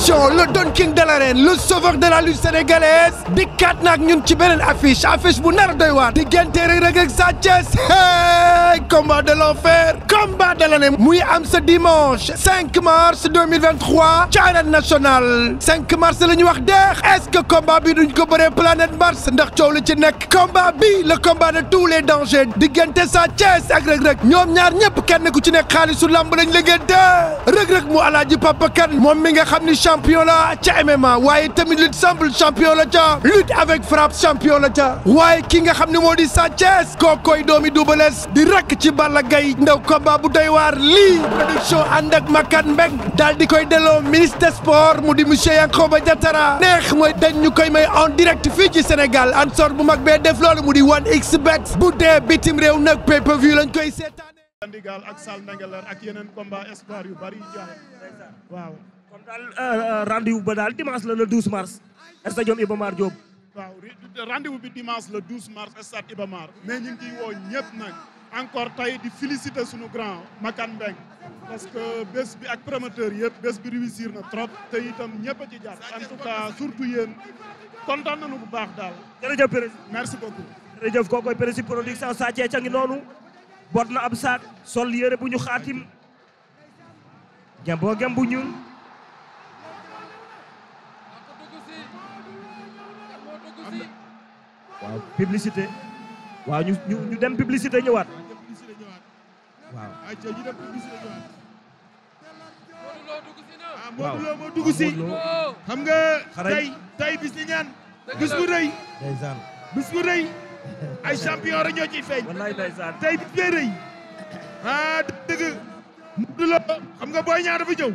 production le Don King de l'arène le sauveur de la lutte sénégalaise dikkaat na ak ñun ci beneen affiche affiche bu nar doy waar diggante Reug Reug ak Sa Thiès hey combat de l'enfer combat de l'année muy am ce dimanche 5 mars 2023 ci arène mars la ñu wax deex est que combat bi duñ ko bëree planète Mars ndax coow li ci nekk combat bi le combat de tous les dangers diggante Sa Thiès ak Reug Reug ñoom ñaar ñëpp kenn ku ci nekk xaalisu lamb lañ liggéente Reug Papa Kane moom mi xam ni champion la ca MMA waaye tamit lutte simple champion la ca lutte avec frappe champion ca waaye ki nga xam ne moo di Sa Thiès kookoy doomi Double Less di rakk ci Balla Gaye ndaw combat bu doy waar lii production ànd ak Makan Mbeng daal di koy delloo ministre des mu di monsieur ba Diattara neex mooy dañ ñu koy may en direct fii ci Sénégal ansor bu mag bee def loolu mu di 1xBet bu dee bitim réew nag pay view lañ koy seetaane. Sandigal ak Sal Ndangelar yeneen combat yu bari yu kon daal euh, euh, rendez-vous ba daal dimanche la le 12 mars stade Iba Mar Diop. waaw rendez wu bi dimanche le 12 mars stade Iba Mar mais ñu ngi ciy woo ñëpp nag encore tey di féliciter suñu grand Makan Mbeng parce que bés bi ak promoteur yëpp bés bi réussir na trop te itam ñëpp a ci jàpp en tout cas surtout yéen kontaan nañu bu baax daal. jërëjëf président merci beaucoup. jërëjëf kookoy président production Sa Thiès a ngi noonu bot na ab sol yére bu ñu xaatim. gem boo waaw publicité waaw ñu ñu ñu dem publicité ñëwaat waaw. Ah, waaw Modou Lo moo dugg si xam nga. tay tay bis ni ñaan. bis bu rëy. ndeysaan bis bu rëy. ay champion rek ñoo ciy feeñ. wallaay ndeysaan tay bis bee rëy. ah dëgg Modou Lo xam nga Boy Niang dafa ñëw.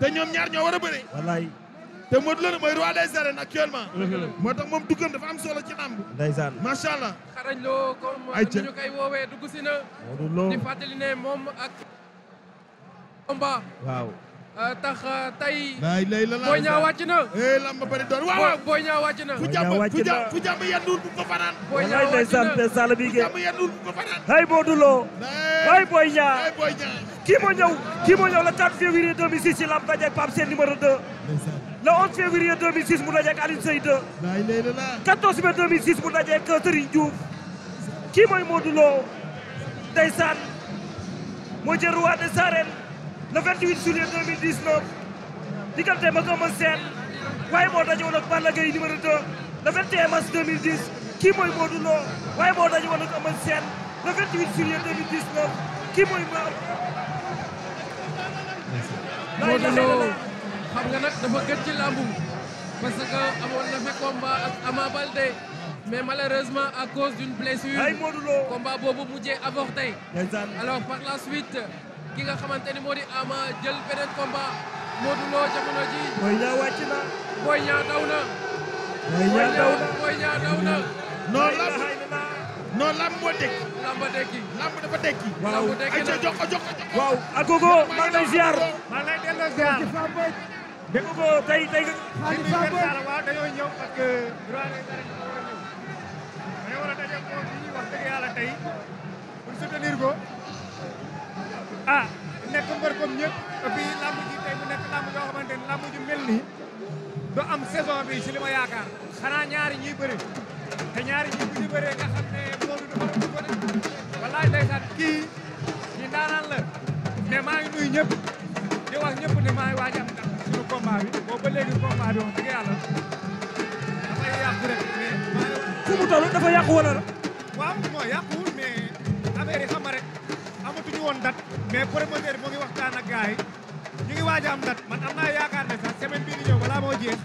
te ñoom ñaar ñoo war a bëre. wallaay. te Modou Lo nag mooy roi des arènes actuellement. Mm-hmm. moo tax moom duggam dafa am solo ci làmb. ndeysaan macha allah. xarañ loo comme ñu koy woowee dugg si na. di fàttali moom ak. combat. waaw. Euh, tax euh, tey. laay lay fu jàmm yendul bu ko fanaan. Boy Niang fu jàmm yendul bu ko hay Modou Lo. hay Boy Niang. hay Boy Niang. kii moo ñëw kii moo ñëw le 4 février 2006 ci làmb daje le 11 février 2006 mu dajeeg Alioune Seye 2. waay léegi la 14 mai 2006 mu dajeeg Serigne Diouf kii mooy Modou Lo ndeysaan moo jël roi des arènes le 28 juillet 2019 diggante ma ko mën seen waaye moo dajewoon ak Balla Gaye numéro 2 le 21 mars 2010 kii mooy Modou waaye moo dajewoon ak Eumeu Sène le 28 juillet 2019 kii mooy ma. Modou Lo xam nga nag da gën ci làmbu parce que amoon na fa combat ak Ama Baldé mais malheureusement à cause d'une blessure combat boobu mujjee avorté alors par la suite ki nga xamante ni moo di Ama jël beneen combat Modou Lo jamono ji Boy Niang na Boy Niang na Boy Niang na non lamb non lamb moo dekk lamb dekki lamb dafa dekki waaw ay ca jox ko dégg ko tey tey. xaalis saa booy waaw dañoo ñëw parce ñëw dañoo war a daje ko ñuy wax dëgg yàlla tey pour soutenir ah, nekk mbër comme ñëpp et puis tey mu nekk lamb joo xamante ni lamb ju mel nii am saison bi ci yaakaar xanaa ñaari ñuy bëri te ñaari ñi bu ñu bëree nga xam ne Modou dafa am lu kii ñi ndaanaan la mais maa ngi ñëpp di wax ñëpp ne maa ngi combat bi boobu ba léegi combat bi wax dëgg dafay yàqu rek mais maanaam fu dafa yàqu wala la waaw moo yàquwul mais affaire yi xam rek amatuñu woon dat mais promoteur bi moo ngi waxtaan ak gars yi ngi waaj a am dat man am naa yaakaar ne sax semaine bii di ñëw balaa moo jeex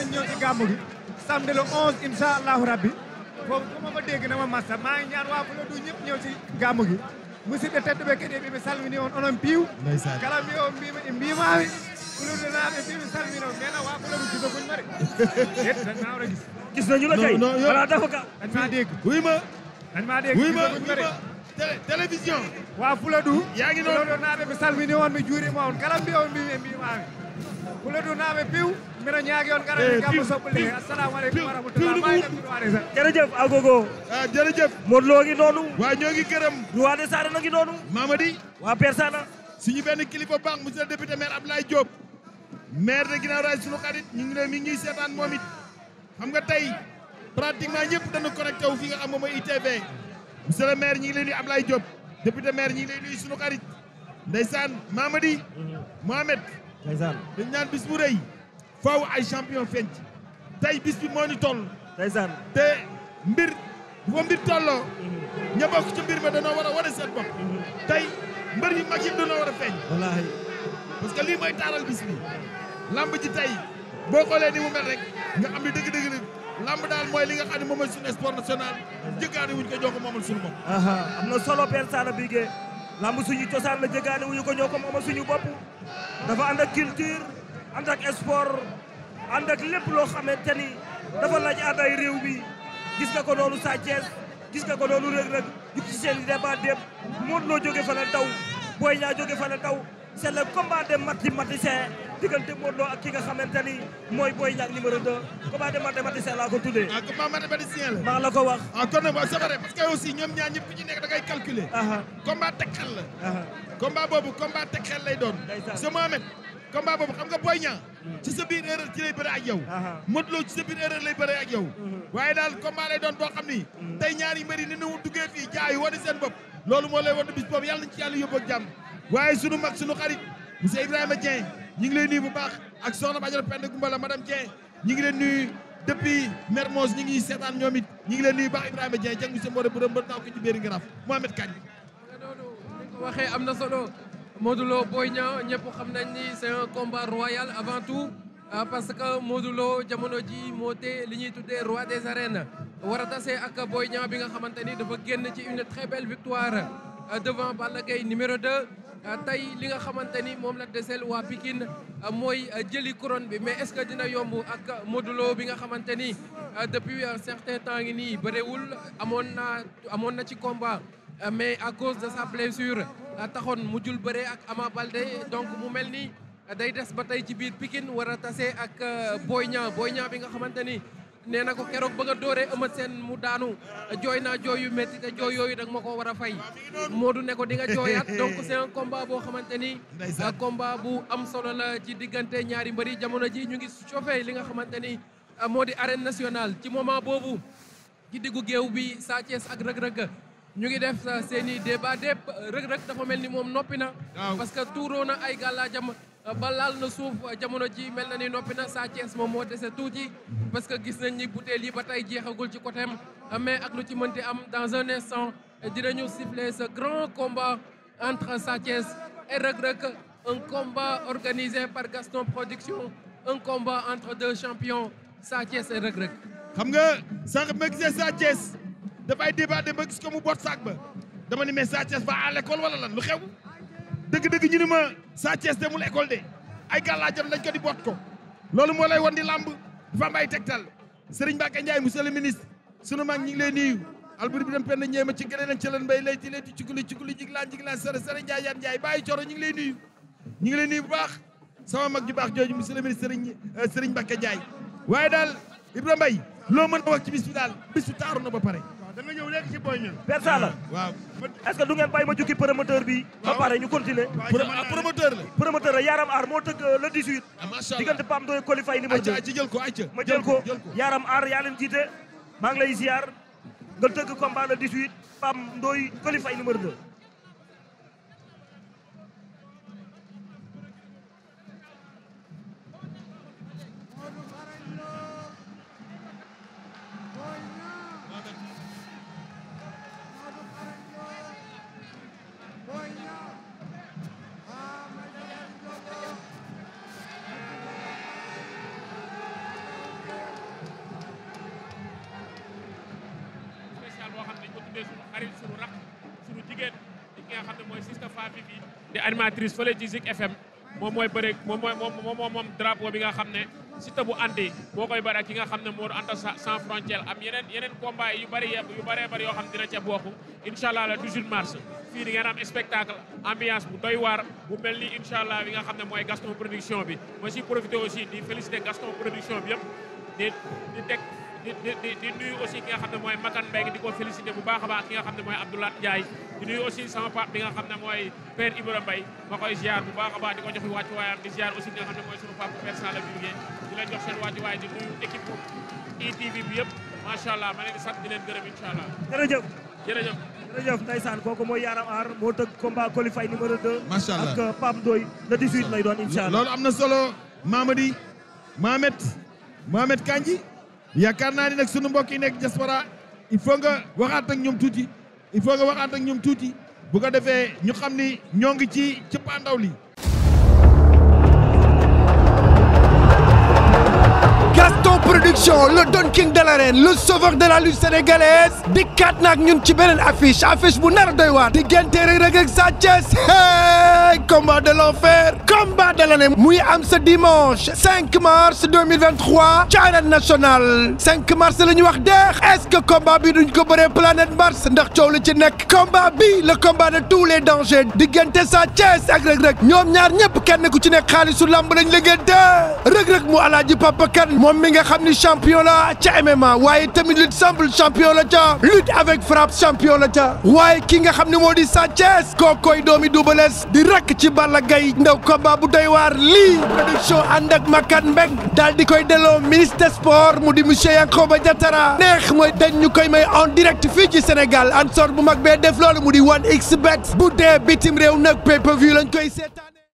nañ ñëw ci gàmmu gi samedi le 11 incha allahu rabbi foofu ku ma fa dégg na ma massa maa ngi ñaan waa Fuladu ñëpp ñëw ci gàmmu gi musidɓe tedduɓe kadi eɓimi salmini on onon piiw kala mbiyo mbima e mbimami fulurde naaɓe mbimi salmino mena wa fulamu jugagol mare yetta gis gis nañula kay wala dafa ka dañma dégg wima dañma dégg wima wima télévision wa fuladu yaagino fulado naaɓe mi salmini on mi juurima on kala mbiyo mbimi e Buladu naaɓe piw mbiɗa ñaagi on garani gamma eh, soppuli assalamu aleykum wa rahmatullah jërëjëf agogo ah, jërëjëf Modou Lo ngi noonu waaw ñoo ngi gërëm duwaa de Saana ngi noonu waa Père Saana suñu benn kilifa baax monsieur le député maire Abdoulaye Diop maire de Guinaw Rail suñu xarit ñu ngi ne mi ngi ñuy seetaan moom it xam nga tey pratiquement ñëpp dañu connecté wu fi nga xam moom mooy ITV monsieur le maire ñi ngi lay nuyu Abdoulaye Diop député maire ñi ngi lay nuyu suñu xarit ndeysaan Mamadi mm-hmm. Mohamed ndeysaan dañ naan bis bu rëy faaw ay champion feeñ tey bis bi moo ñu toll ndeysaan te mbir bu ko mbir tolloo mhm. ci mbir ma danoo war a wane seen bopp mhm. tey mbër yu mag yi danoo war a feeñ que lii bis bi lamb ji tey boo xoolee ni mu mel nga am ni dëgg-dëgg ni lamb daal mooy li nga xam ne moom mooy suñu sport national jëggaani wuñ ko jox ko moomal suñu bopp am na solo père Sada Bigué lamb suñu cosaan la jéggaane wuñu ko ñoo ko mooma suñu bopp dafa ànd ak culture ànd ak sport ànd ak lépp loo xamante ni dafa laaj àdday réew bi gis nga ko noonu Sa Thiès gis nga ko noonu Reug Reug juk ci seen i débat dépp Modou loo jóge fa la daw Boy Niang jóge fa la daw c'est le combat des mathématiciens diggante Modou Lo ak ki nga xamante ni mooy Boy Niang numéro 2 combat de mathématicien laa ko tuddee. ah combat mathématicien la. maa la ko wax. ah kon nag c'est vrai parce que aussi ñoom ñaar ñëpp ku ci nekk da ngay calculer. Ah, ah. combat teg xel la. Ah, combat boobu combat teg xel lay doon. ndeysaan Mohamed combat boobu xam nga Boy Niang hmm. ci sa biir erreur ci lay bëre ak yow. Modou ci sa biir erreur lay bëre hmm. waaye daal combat lay doon boo xam ni. Hmm. tey ñaari mbër yi ni ñu fii jaay wane seen ñi ngi leen nuyu bu baax ak soxna Badiane Penda Gumbala madame Dieng ñi ngi leen nuyu depuis Mermoz ñi ngi seetaan ñoom it ñi ngi leen nuyu baax Ibrahima Dieng jàng si mboore bu rëm ba naaw ko Kañ ko am na solo Modou Lo Boy Niang ñëpp xam nañ ni c'est un combat royal avant tout euh, parce que Modou Lo jamono ji moo tee li ñuy tuddee roi des arènes war a tase ak Boy Niang bi nga xamante ni dafa génn ci une très belle victoire euh, devant Balla Gaye numéro 2 Euh, tey li nga xamante ni moom la desel waa Pikine euh, mooy euh, jëli couronne bi mais est-ce que dina yomb ak Modou bi nga xamante ni depuis un certain temps ngi nii bëriwul amoon na amoon na ci combat mais à cause de sa blessure taxoon mu jul bëre ak Ama Baldé donc mu mel ni day des ba tey ci biir Pikine war a tase ak Boy Niang Boy Niang bi nga xamante ni nee na ko keroog ba nga dooree ëmmat seen mu daanu jooy naa jooy yu métti te jooy yooyu danga ma ko war a fay Modou ne ko di nga jooyaat donc seen un boo xamante ni euh, combat bu am solo la ci diggante ñaari mbëri jamono ji ñu ngi chauffé li nga xamante ni euh, moo di arène nationale ci moment boobu ci diggu géew bi Sa ak Reug Reug ñu ngi def sa euh, seeni débat dépp Reug Reug dafa mel ni moom noppi na parce que tuuroo na ay gàllaajam ba laal na suuf jamono ji mel na ni noppi na Sa moom moo dese tuuti parce que gis nañ ni butéel yi ba tey jeexagul ci côté am mais ak lu ci mënti am dans un instant dinañu siffler ce grand combat entre Sa Thiès et Reug Reug un combat organisé par Gaston Production un combat entre deux champions Sa Thiès et Reug Reug. xam nga sànq ma gisee Sa Thiès dafay débat de a gis ko mu bot saak ba dama ni mais Sa Thiès ba à wala lan lu xew. dëgg-dëgg ñu ni ma Sa Thiès de ay gàllaajam dañ ko di bot ko loolu moo lay wan di làmb dafa am ay tegtal Serigne Mbacké Ndiaye monsieur le ministre sunu mag ñi ngi lay nuyu alburi bi dem penn ñeema ci gënee nag ci leen mbay layti layti cikuli cikuli jiglaan jiglaan sere sere Ndiaye yaan Ndiaye bàyyi coro ñu ngi lay nuyu ñu ngi lay nuyu bu baax sama mag ju baax jooju monsieur le ministre Serigne euh, Serigne Mbacké Ndiaye waaye daal Ibrahima loo mën a wax ci bis daal bisu taaru na ba pare da nga ñëw léegi ci ah, ma jukki promoteur bi. Ah. ba pare ñu continuer. Ah, promoteur la. promoteur la Yaram Aar moo tëgg euh, le 18. macha allah diggante Pam Doy qualifié numéro ma jël Yaram Aar yaa leen jiite maa ngi lay ziar nga tëgg combat le 18 Pam Doy qualifié numéro 2. xarit suñu rakk suñu jigéen di ki nga xam ne mooy Sista Fafi bi di animatrice fële ci Zik moom mooy bëre moom mooy moom moom moom drapeau bi nga xam ne Siteu bu andi moo koy bëre ak ki nga xam ne moo anta sans frontière am yeneen yeneen combat yu bëri yu bëree bëri yoo xam ne dina ca bokk incha allah le 18 mars fii di ngeen spectacle ambiance bu doy waar bu mel ni incha allah bi nga xam ne mooy Gaston production bi ma si profité aussi di félicité Gaston production bi yëpp di di di nuyu aussi ki nga xam ne mooy Makan Mbengue di ko félicité bu baax a baax ki nga xam ne mooy Abdoulaye Ndiaye di aussi sama pap bi nga xam ne mooy père Ibrahima Mbaye ma koy ziar bu baax a baax di ko jox wàccu waayam di ziar aussi ki nga xam ne mooy sunu pap père Sala Bigué di la jox seen wàccu waay di e bi yëpp macha allah ma leen di sant di leen gërëm incha allah. jërëjëf jërëjëf. kooku mooy Yaram Aar moo tëgg combat qualifié numéro 2. macha allah ak euh, lay doon incha allah. am na solo Mamadi Mohamed Mohamed Kanji yaakaar naa ni nag sunu mbokk yi nekk diaspora il faut nga waxaat ak ñoom tuuti il faut nga waxaat ak ñoom tuuti bu ko defee ñu xam ni ñoo ngi ci cëppaandaw li Gaston Production le Don King de l'arène le sauveur de la lutte sénégalaise dikkaat na ak ñun ci beneen affiche affiche bu nar doy waar diggante Reug Reug ak Sa Thiès hey combat de l'enfer combat de l'année muy am ce dimanche 5 mars 2023 ci arène mars la ñu wax deex est-ce que combat bi duñ ko bëree planète Mars ndax coow li ci nekk combat bi le combat de tous les dangers diggante Sa Thiès ak Reug Reug ñoom ñaar ñëpp kenn ku ci nekk xaalisu lamb lañ liggéente moom mi nga xam ni champion la ca MMA waaye tamit lutte simple champion la ca lutte avec frappe champion ca waaye ki nga xam ne moo di Sa Thiès koy doomi Double di rakk ci Balla Gaye ndaw ko ba bu doy waar lii production ànd ak Makan Mbeng daal di koy delloo ministre des mu di monsieur Yankhoba Diattara neex mooy dañ koy may en direct fii ci Sénégal an sor bu mag bee def loolu mu di 1xBet bu dee bitim réew nag pay per lañ koy seetaan